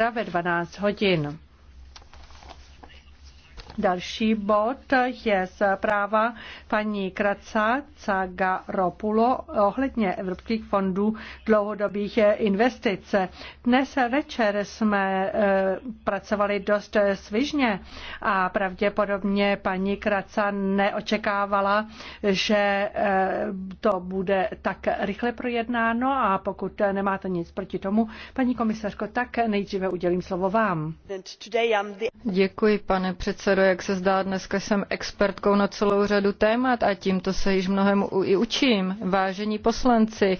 ve 12 hodin. Další bod je zpráva paní Kraca Cagaropulo ohledně evropských fondů dlouhodobých investic. Dnes večer jsme e, pracovali dost svižně a pravděpodobně paní Kraca neočekávala, že e, to bude tak rychle projednáno a pokud nemáte nic proti tomu, paní komisařko, tak nejdříve udělím slovo vám. Děkuji, pane předsedo jak se zdá, dneska jsem expertkou na celou řadu témat a tímto se již mnohem i učím. Vážení poslanci,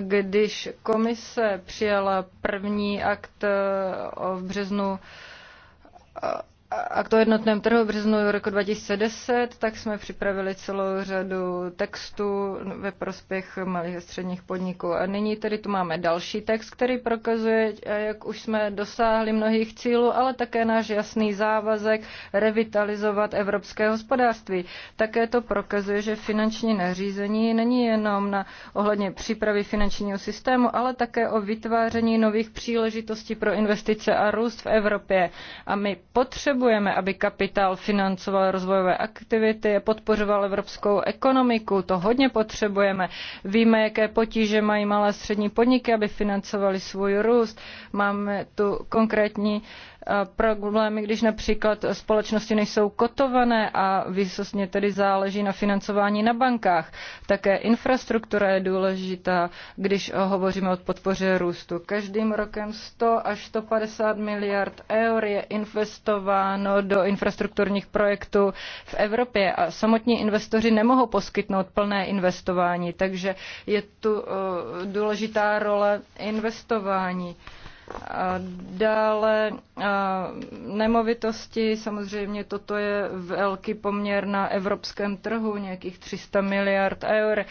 když komise přijala první akt eh, v březnu eh, k to jednotném trhu v březnu roku 2010, tak jsme připravili celou řadu textů ve prospěch malých a středních podniků. A nyní tedy tu máme další text, který prokazuje, jak už jsme dosáhli mnohých cílů, ale také náš jasný závazek revitalizovat evropské hospodářství. Také to prokazuje, že finanční nařízení není jenom na ohledně přípravy finančního systému, ale také o vytváření nových příležitostí pro investice a růst v Evropě. A my potřebujeme Potřebujeme, aby kapitál financoval rozvojové aktivity a podporoval evropskou ekonomiku. To hodně potřebujeme. Víme, jaké potíže mají malé a střední podniky, aby financovali svůj růst. Máme tu konkrétní problémy, když například společnosti nejsou kotované a výsostně tedy záleží na financování na bankách. Také infrastruktura je důležitá, když hovoříme o podpoře růstu. Každým rokem 100 až 150 miliard eur je investováno do infrastrukturních projektů v Evropě a samotní investoři nemohou poskytnout plné investování, takže je tu eh, důležitá role investování. Dále nemovitosti, samozřejmě toto je velký poměr na evropském trhu, nějakých 300 miliard eur.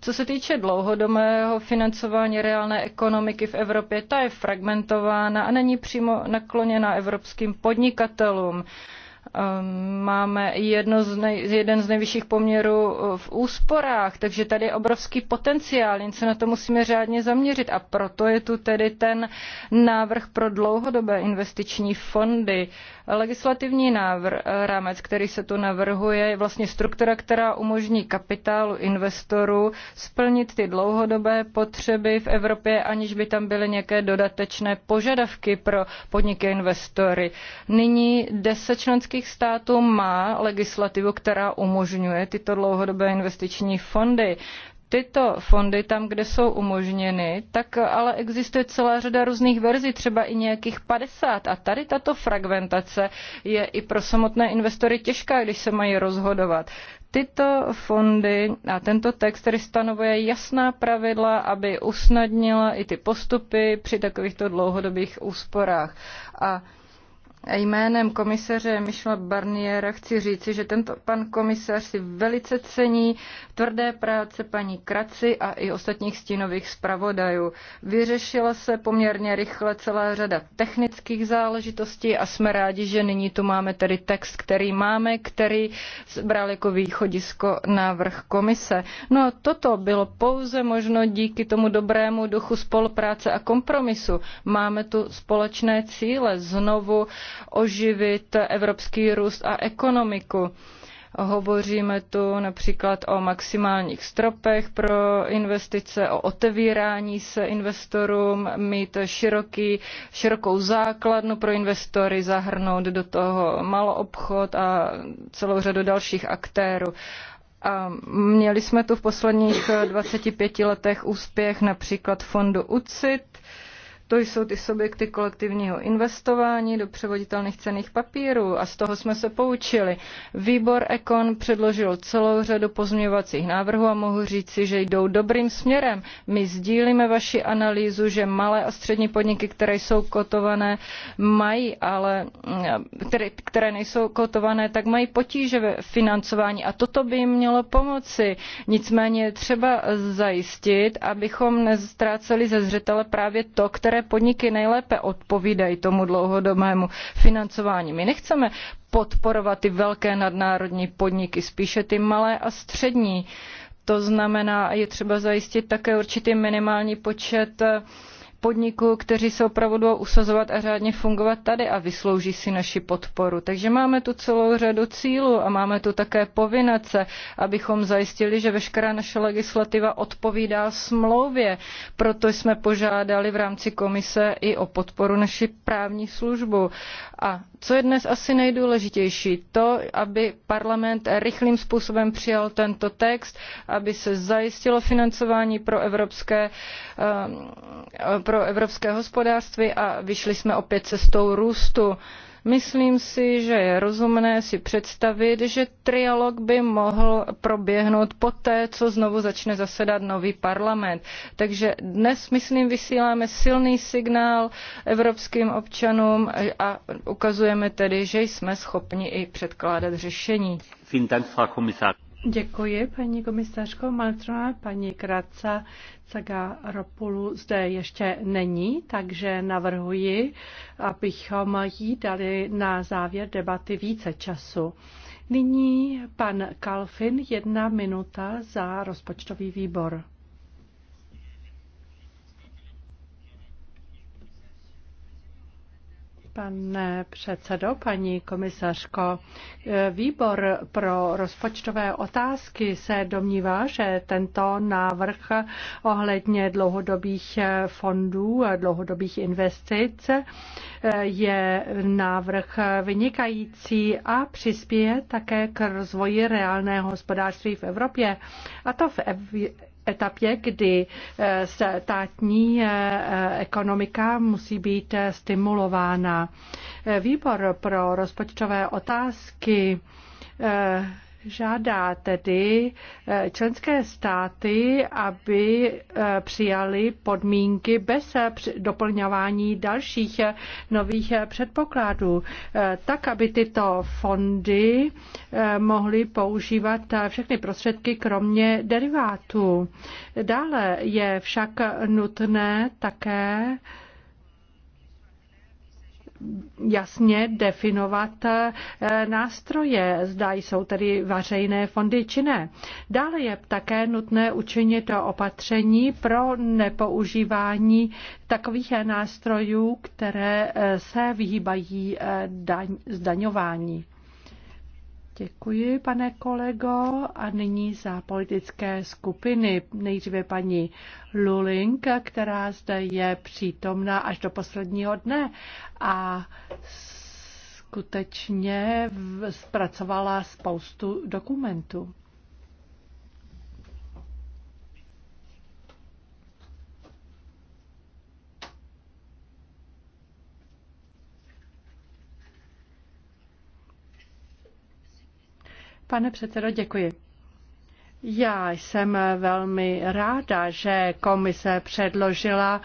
Co se týče dlouhodobého financování reálné ekonomiky v Evropě, ta je fragmentována a není přímo nakloněna evropským podnikatelům. Ehm, máme jedno z nej, jeden z nejvyšších poměrů eh, v úsporách, takže tady je obrovský potenciál, jen se na to musíme řádně zaměřit a proto je tu tedy ten návrh pro dlouhodobé investiční fondy. Legislativní návr, eh, rámec, který se tu navrhuje, je vlastně struktura, která umožní kapitálu investorů splnit ty dlouhodobé potřeby v Evropě, aniž by tam byly nějaké dodatečné požadavky pro podniky investory. Nyní deset členských členských států má legislativu, která umožňuje tyto dlouhodobé investiční fondy tyto fondy tam, kde jsou umožněny, tak ale existuje celá řada různých verzí, třeba i nějakých 50. A tady tato fragmentace je i pro samotné investory těžká, když se mají rozhodovat. Tyto fondy a tento text který stanovuje jasná pravidla, aby usnadnila i ty postupy při takovýchto dlouhodobých úsporách. A Jménem komisaře Michela Barniera chci říci, že tento pan komisař si velice cení tvrdé práce paní Kraci a i ostatních stínových zpravodajů. Vyřešila se poměrně rychle celá řada technických záležitostí a jsme rádi, že nyní tu máme tedy text, který máme, který bral jako východisko návrh komise. No a toto bylo pouze možno díky tomu dobrému duchu spolupráce a kompromisu. Máme tu společné cíle znovu oživit evropský růst a ekonomiku. Hovoříme tu například o maximálních stropech pro investice, o otevírání se investorům, mít široký, širokou základnu pro investory, zahrnout do toho maloobchod a celou řadu dalších aktérů. A měli jsme tu v posledních 25 letech úspěch například fondu UCIT, to jsou ty subjekty kolektivního investování do převoditelných cených papírů a z toho jsme se poučili. Výbor Ekon předložil celou řadu pozměňovacích návrhů a mohu říci, že jdou dobrým směrem. My sdílíme vaši analýzu, že malé a střední podniky, které jsou kotované, mají ale, mm, které, které nejsou kotované, tak mají potíže ve financování a toto by jim mělo pomoci. Nicméně je třeba zajistit, abychom neztráceli ze zřetele právě to, které podniky nejlépe odpovídají tomu dlouhodobému financování. My nechceme podporovat ty velké nadnárodní podniky, spíše ty malé a střední. To znamená, je třeba zajistit také určitý minimální počet uh, podniků, kteří se opravdu budou usazovat a řádně fungovat tady a vyslouží si naši podporu. Takže máme tu celou řadu cílů a máme tu také povinace, abychom zajistili, že veškerá naše legislativa odpovídá smlouvě. Proto jsme požádali v rámci komise i o podporu naši právní službu. A co je dnes asi nejdůležitější? To, aby parlament rychlým způsobem přijal tento text, aby se zajistilo financování pro evropské, eh, hospodářství a vyšli jsme opět cestou růstu. Myslím si, že je rozumné si představit, že trialog by mohl proběhnout poté, co znovu začne zasedat nový parlament. Takže dnes, myslím, vysíláme silný signál evropským občanům a ukazujeme tedy, že jsme schopni i předkládat řešení. Vielen Dank, Frau Kommissar. Děkuji, paní komisařko Maltrona. Paní caga Cagaropulu zde ještě není, takže navrhuji, abychom jí dali na závěr debaty více času. Nyní pan Kalfin, jedna minuta za rozpočtový výbor. Pane předsedo, paní komisařko, výbor pro rozpočtové otázky se domnívá, že tento návrh ohledně dlouhodobých fondů, dlouhodobých investic je návrh vynikající a přispěje také k rozvoji reálného hospodářství v Evropě. A to v etapě, kdy eh, státní eh, ekonomika musí být eh, stimulována. Výbor pro rozpočtové otázky žádá tedy eh, členské státy, aby eh, přijali podmínky bez eh, doplňování dalších nových předpokladů, tak aby tyto fondy mohly používat všechny prostředky kromě derivátů. Dále je však nutné také jasně definovat eh, nástroje, zda jsou tedy vařejné fondy či ne. Dále je také nutné učinit opatření pro nepoužívání takových nástrojů, které eh, se vyhýbají eh, zdaňování. Děkuji, pane kolego. A nyní za politické skupiny. Nejdříve paní Luling, která zde je přítomná až do posledního dne a skutečně zpracovala spoustu dokumentů. Pane předsedo, děkuji. Já jsem velmi ráda, že komise předložila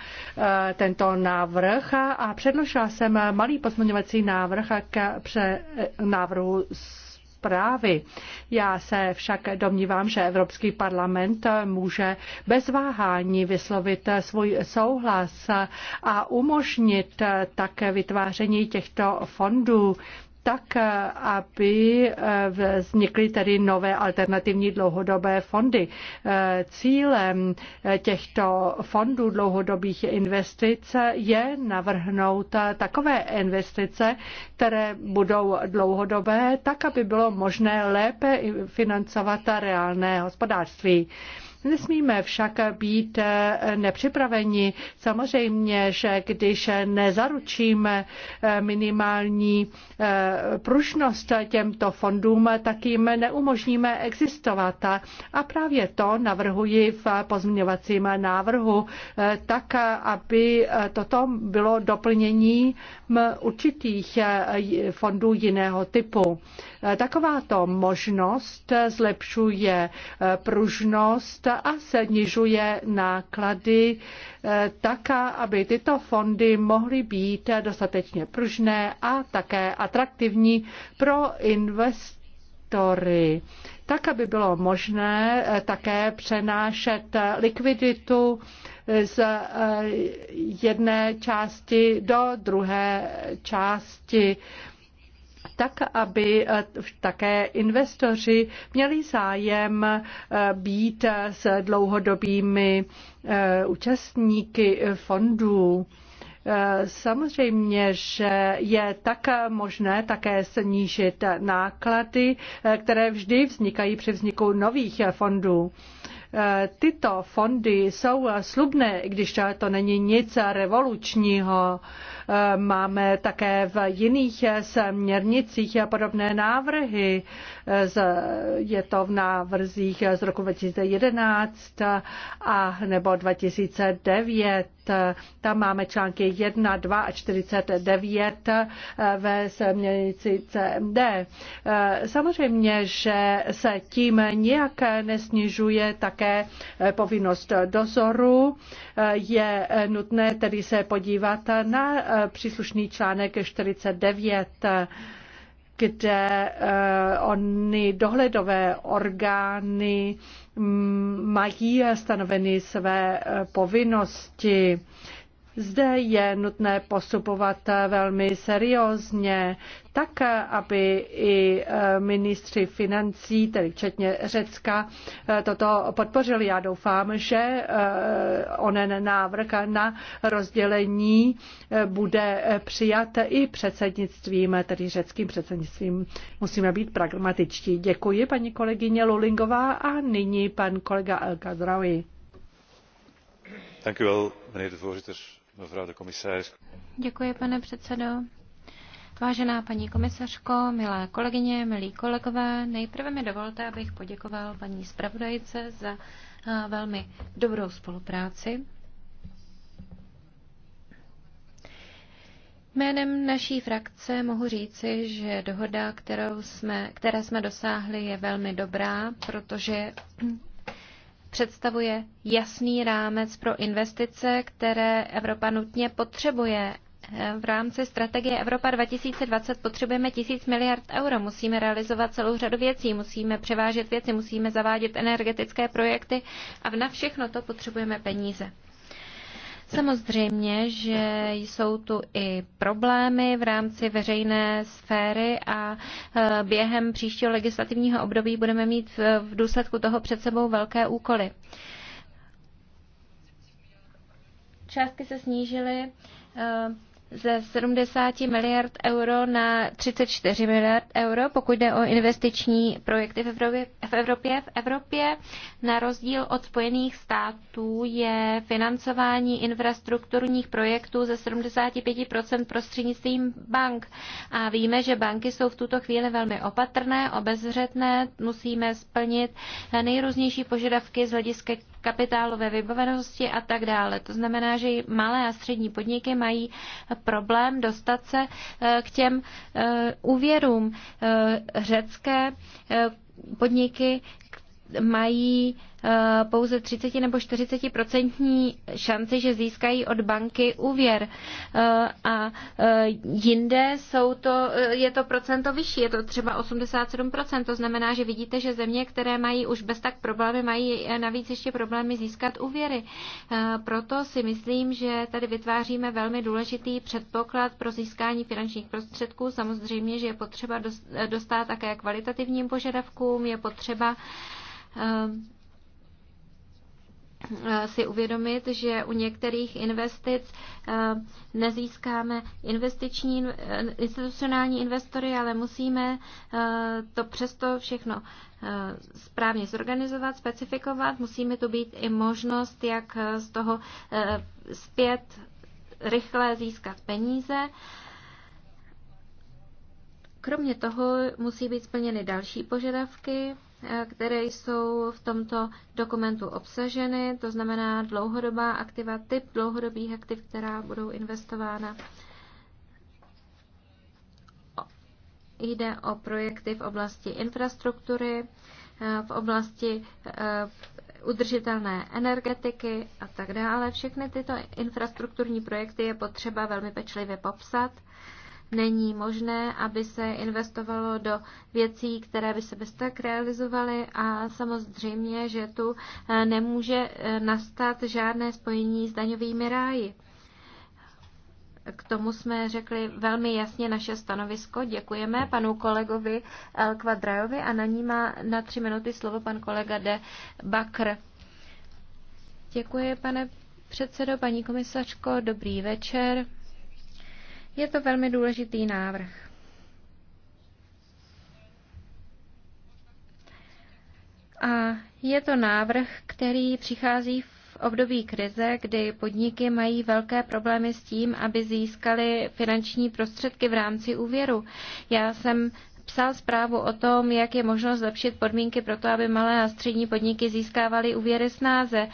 eh, tento návrh a předložila jsem malý pozměňovací návrh k návrhu zprávy. Já se však domnívám, že Evropský parlament může bez váhání vyslovit svůj souhlas a umožnit také vytváření těchto fondů tak eh, aby eh, vznikly tedy nové alternativní dlouhodobé fondy. Eh, cílem těchto fondů dlouhodobých investic je navrhnout takové investice, které budou dlouhodobé, tak aby bylo možné lépe financovat reálné hospodářství. Nesmíme však být eh, nepřipraveni. Samozřejmě, že když nezaručíme eh, minimální eh, pružnost těmto fondům, tak jim neumožníme existovat. A právě to navrhuji v pozměňovacím návrhu, tak aby toto bylo doplnění určitých fondů jiného typu. Takováto možnost zlepšuje pružnost a snižuje náklady eh, tak, aby tyto fondy mohly být dostatečně pružné a také atraktivní pro investory tak, aby bylo možné eh, také přenášet likviditu z eh, jedné části do druhé části tak aby eh, také investoři měli zájem eh, být s dlouhodobými eh, účastníky fondů. Samozřejmě, že je tak možné také snížit náklady, které vždy vznikají při vzniku nových fondů tyto fondy jsou slubné, když to není nic revolučního. Máme také v jiných směrnicích podobné návrhy. Je to v návrzích z roku 2011 a nebo 2009. Tam máme články 1, 2 a 49 ve směrnici CMD. Samozřejmě, že se tím nijak nesnižuje také povinnost dozoru. Je nutné tedy se podívat na příslušný článek 49 kde eh, oni dohledové orgány mm, mají stanoveny své eh, povinnosti. Zde je nutné postupovat velmi seriózně, tak, aby i e, ministři financí, tedy včetně Řecka, e, toto podpořili. Já doufám, že e, onen návrh na rozdělení bude přijat i předsednictvím, tedy řeckým předsednictvím. Musíme být pragmatičtí. Děkuji paní kolegyně Lulingová a nyní pan kolega El Zdraví. Děkuji u wel, mevrouw de Děkuji, pane předsedo. Vážená paní komisařko, milé kolegyně, milí kolegové, nejprve mi dovolte, abych poděkoval paní zpravodajce za eh, velmi dobrou spolupráci. Jménem naší frakce mohu říci, že dohoda, kterou jsme, které jsme dosáhli, je velmi dobrá, protože představuje jasný rámec pro investice, které Evropa nutně potřebuje. V rámci strategie Evropa 2020 potřebujeme tisíc miliard euro. Musíme realizovat celou řadu věcí, musíme převážet věci, musíme zavádět energetické projekty a na všechno to potřebujeme peníze. Samozřejmě, že jsou tu i problémy v rámci veřejné sféry a e, během příštího legislativního období budeme mít v důsledku toho před sebou velké úkoly. Částky se snížily e, ze 70 miliard euro na 34 miliard euro, pokud jde o investiční projekty v Evropě. V Evropě, v Evropě na rozdíl od Spojených států je financování infrastrukturních projektů ze 75 prostřednictvím bank. A víme, že banky jsou v tuto chvíli velmi opatrné, obezřetné, musíme splnit nejrůznější požadavky z hlediska kapitálové vybavenosti a tak dále. To znamená, že malé a střední podniky mají problém dostat se eh, k těm eh, úvěrům eh, řecké podniky, mají eh, pouze 30 nebo 40 procentní šanci, že získají od banky úvěr. Eh, a eh, jinde jsou to, je to procento vyšší, je to třeba 87 To znamená, že vidíte, že země, které mají už bez tak problémy, mají navíc ještě problémy získat úvěry. Proto si myslím, že tady vytváříme velmi důležitý předpoklad pro získání finančních prostředků. Samozřejmě, že je potřeba dostat také kvalitativním požadavkům, je potřeba Ehm, si uvědomit, že u některých investic ehm, nezískáme investiční, eh, institucionální investory, ale musíme eh, to přesto všechno eh, správně zorganizovat, specifikovat. Musíme tu být i možnost, jak z toho zpět rychle získat peníze. Kromě toho musí být splněny další požadavky, které jsou v tomto dokumentu obsaženy, to znamená dlouhodobá aktiva, typ dlouhodobých aktiv, která budou investována. Jde o projekty v oblasti infrastruktury, v oblasti eh, udržitelné energetiky a tak dále. Všechny tyto infrastrukturní projekty je potřeba velmi pečlivě popsat Není možné, aby se investovalo do věcí, které by se bez tak realizovaly a samozřejmě, že tu eh, nemůže eh, nastat žádné spojení s daňovými ráji. K tomu jsme řekli velmi jasně naše stanovisko. Děkujeme panu kolegovi El Quadrajovi a na ní má na tři minuty slovo pan kolega De Bakr. Děkuji, pane předsedo, paní komisařko, dobrý večer. Je to velmi důležitý návrh. A je to návrh, který přichází v období krize, kdy podniky mají velké problémy s tím, aby získali finanční prostředky v rámci úvěru. Já jsem psal zprávu o tom, jak je možno zlepšit podmínky pro to, aby malé a střední podniky získávaly úvěry snáze.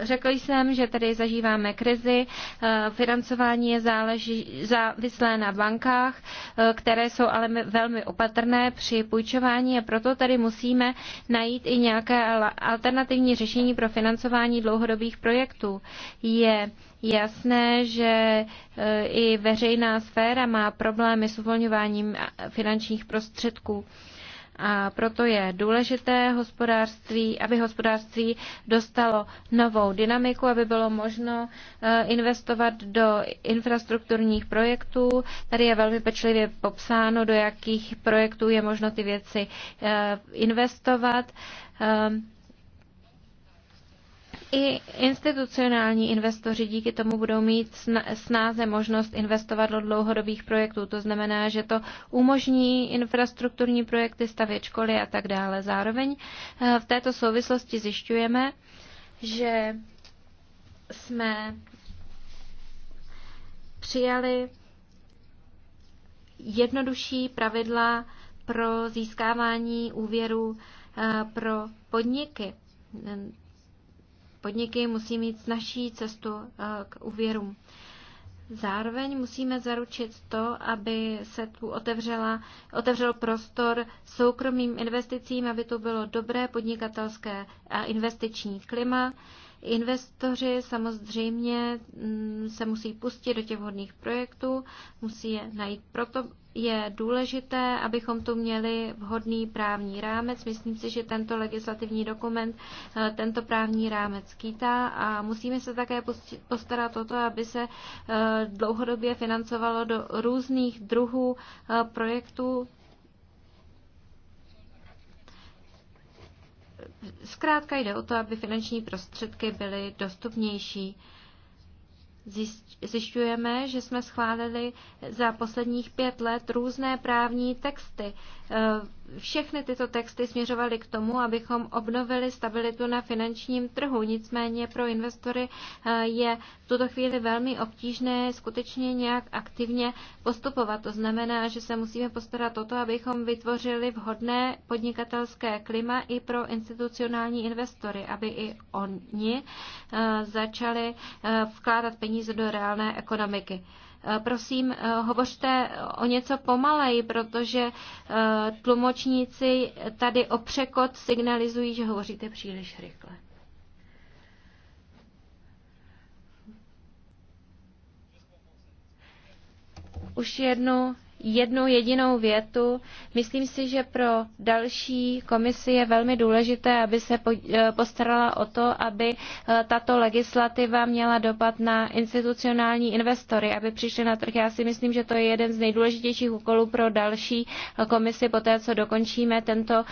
Řekl jsem, že tady zažíváme krizi, eh, financování je záleží, závislé na bankách, eh, které jsou ale velmi opatrné při půjčování a proto tady musíme najít i nějaké alternativní řešení pro financování dlouhodobých projektů. Je jasné, že eh, i veřejná sféra má problémy s uvolňováním finančních prostředků. A proto je důležité, hospodářství, aby hospodářství dostalo novou dynamiku, aby bylo možno eh, investovat do infrastrukturních projektů. Tady je velmi pečlivě popsáno, do jakých projektů je možno ty věci eh, investovat. Um, i institucionální investoři díky tomu budou mít snáze možnost investovat do dlouhodobých projektů. To znamená, že to umožní infrastrukturní projekty, stavět školy a tak dále. Zároveň eh, v této souvislosti zjišťujeme, že jsme přijali jednodušší pravidla pro získávání úvěru eh, pro podniky podniky musí mít snažší cestu eh, k úvěrům. Zároveň musíme zaručit to, aby se tu otevřela, otevřel prostor soukromým investicím, aby to bylo dobré podnikatelské a investiční klima. Investoři samozřejmě mm, se musí pustit do těch vhodných projektů, musí je najít. Proto je důležité, abychom tu měli vhodný právní rámec. Myslím si, že tento legislativní dokument eh, tento právní rámec skýtá a musíme se také postarat o to, aby se eh, dlouhodobě financovalo do různých druhů eh, projektů Zkrátka jde o to, aby finanční prostředky byly dostupnější zjišťujeme, že jsme schválili za posledních pět let různé právní texty. E, všechny tyto texty směřovaly k tomu, abychom obnovili stabilitu na finančním trhu. Nicméně pro investory e, je v tuto chvíli velmi obtížné skutečně nějak aktivně postupovat. To znamená, že se musíme postarat o to, abychom vytvořili vhodné podnikatelské klima i pro institucionální investory, aby i oni e, začali vkládat peníze peníze do reálné ekonomiky. Eh, prosím, eh, hovořte o něco pomaleji, protože eh, tlumočníci tady o překod signalizují, že hovoříte příliš rychle. Už jednu jednu jedinou větu. Myslím si, že pro další komisi je velmi důležité, aby se eh, postarala o to, aby eh, tato legislativa měla dopad na institucionální investory, aby přišli na trh. Já si myslím, že to je jeden z nejdůležitějších úkolů pro další eh, komisi. Poté, co dokončíme tento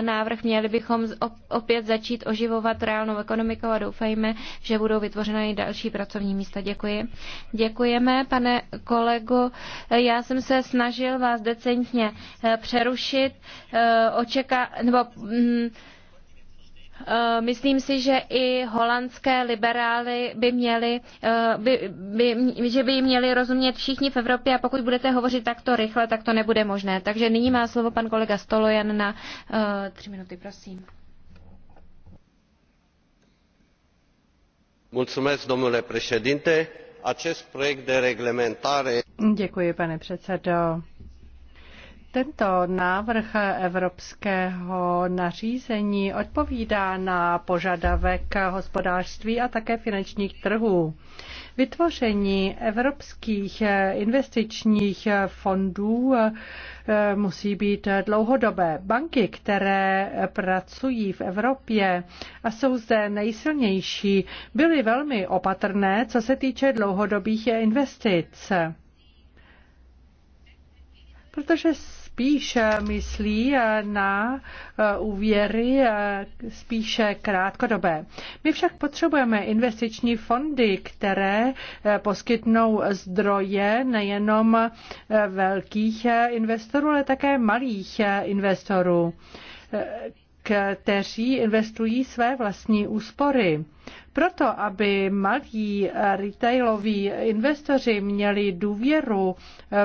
návrh, měli bychom opět začít oživovat reálnou ekonomiku a doufejme, že budou vytvořena i další pracovní místa. Děkuji. Děkujeme, pane kolego. Já jsem se snažil snažil vás decentně eh, přerušit. Eh, očeka, nebo, mm, eh, myslím si, že i holandské liberály by měli, by, by, že by měli rozumět všichni v Evropě a pokud budete hovořit takto rychle, tak to nebude možné. Takže nyní má slovo pan kolega Stolojan na tři minuty, prosím. Mulțumesc, domnule președinte acest proiect de reglementare. Děkuji, pane předsedo. Tento návrh evropského nařízení odpovídá na požadavek hospodářství a také finančních trhů. Vytvoření evropských eh, investičních eh, fondů eh, musí být dlouhodobé. Banky, které pracují v Evropě a jsou zde nejsilnější, byly velmi opatrné, co se týče dlouhodobých investic. Protože spíš eh, myslí eh, na eh, úvěry spíše krátkodobé. My však potřebujeme investiční fondy, které poskytnou zdroje nejenom velkých investorů, ale také malých investorů kteří investují své vlastní úspory. Proto, aby malí retailoví investoři měli důvěru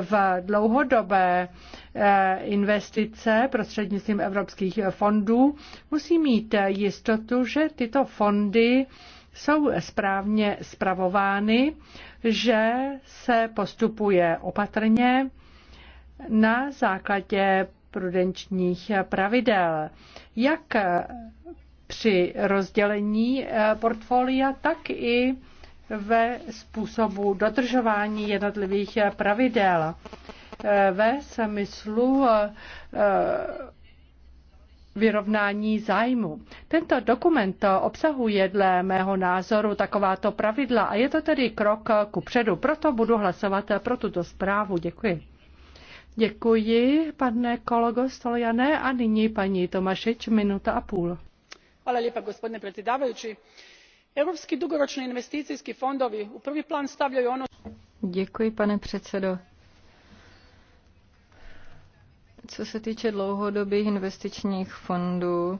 v dlouhodobé eh, investice prostřednictvím evropských fondů, musí mít jistotu, že tyto fondy jsou správně spravovány, že se postupuje opatrně na základě prudenčních pravidel. Jak při rozdělení eh, portfolia, tak i ve způsobu dodržování jednotlivých eh, pravidel. Eh, ve smyslu vyrovnání zájmu. Tento dokument obsahuje dle mého názoru takováto pravidla a je to tedy krok ku předu. Proto budu hlasovat pro tuto zprávu. Děkuji. Děkuji, pane kolego Stolojane, a nyní paní Tomašič, minuta a půl. Hvala lijepa, gospodine predsjedavajući. Europski dugoročni investicijski fondovi u prvi plan stavljaju ono... Děkuji, pane předsedo. Co se týče dlouhodobých investičních fondů,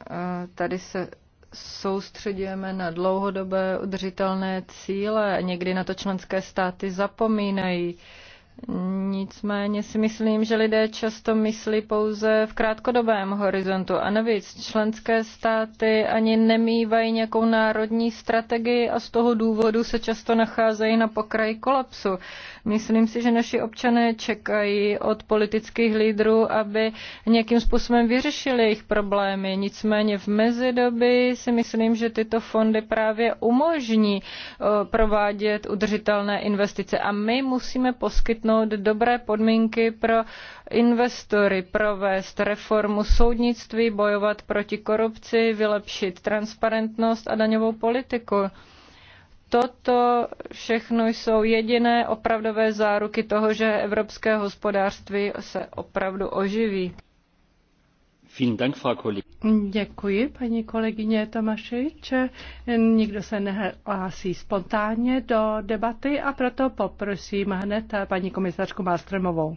eh, tady se soustředujeme na dlouhodobé udržitelné cíle. Někdy na to členské státy zapomínají. Nicméně si myslím, že lidé často myslí pouze v krátkodobém horizontu. A navíc členské státy ani nemývají nějakou národní strategii a z toho důvodu se často nacházejí na pokraji kolapsu. Myslím si, že naši občané čekají od politických lídrů, aby nějakým způsobem vyřešili jejich problémy. Nicméně v mezidobí si myslím, že tyto fondy právě umožní eh, provádět udržitelné investice. A my musíme poskytnout poskytnout dobré podmínky pro investory, provést reformu soudnictví, bojovat proti korupci, vylepšit transparentnost a daňovou politiku toto všechno jsou jediné opravdové záruky toho, že evropské hospodářství se opravdu oživí. Děkuji, paní kolegyně Tomašič. Nikdo se nehlásí spontánně do debaty a proto poprosím hned paní komisařku Mástremovou.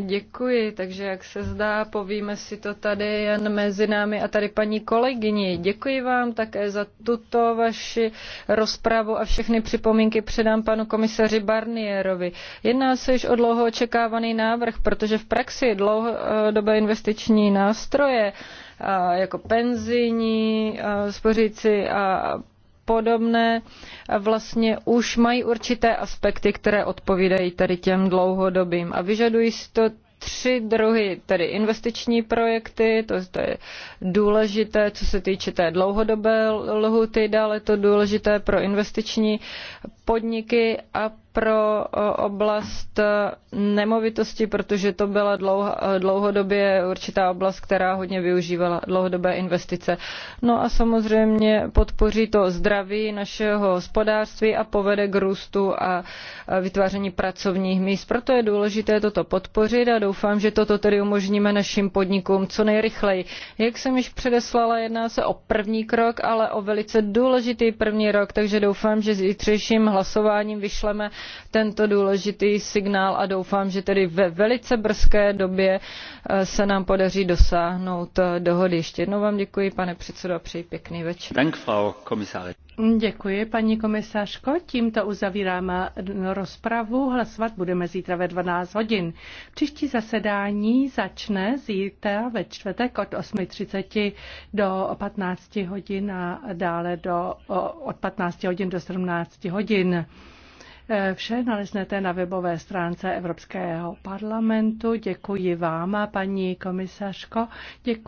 Děkuji, takže jak se zdá, povíme si to tady jen mezi námi a tady paní kolegyni. Děkuji vám také za tuto vaši rozpravu a všechny připomínky předám panu komisaři Barnierovi. Jedná se již o dlouho očekávaný návrh, protože v praxi dlouhodobé investiční nástroje nástroje, jako penzijní spořící a podobné vlastně už mají určité aspekty, které odpovídají tady těm dlouhodobým a vyžadují si to tři druhy, tedy investiční projekty, to, to je důležité, co se týče té dlouhodobé lhuty, dále to důležité pro investiční podniky a pro eh, oblast eh, nemovitosti, protože to byla eh, dlouhodobě určitá oblast, která hodně využívala dlouhodobé investice. No a samozřejmě podpoří to zdraví našeho hospodářství a povede k růstu a vytváření pracovních míst. Proto je důležité toto podpořit a doufám, že toto tedy umožníme našim podnikům co nejrychleji. Jak jsem již předeslala, jedná se o první krok, ale o velice důležitý první rok, takže doufám, že zítřejším hlasováním vyšleme tento důležitý signál a doufám, že tedy ve velice brzké době eh, se nám podaří dosáhnout eh, dohody. Ještě jednou vám děkuji, pane předsedo, a přeji pěkný večer. Děkuji, paní komisařko. Tímto uzavíráme eh, rozpravu. Hlasovat budeme zítra ve 12 hodin. Příští zasedání začne zítra ve čtvrtek od 8.30 do 15 hodin a dále do, od 15 hodin do 17 hodin. Vše naleznete na webové stránce Evropského parlamentu. Děkuji vám, paní komisařko. Děkuji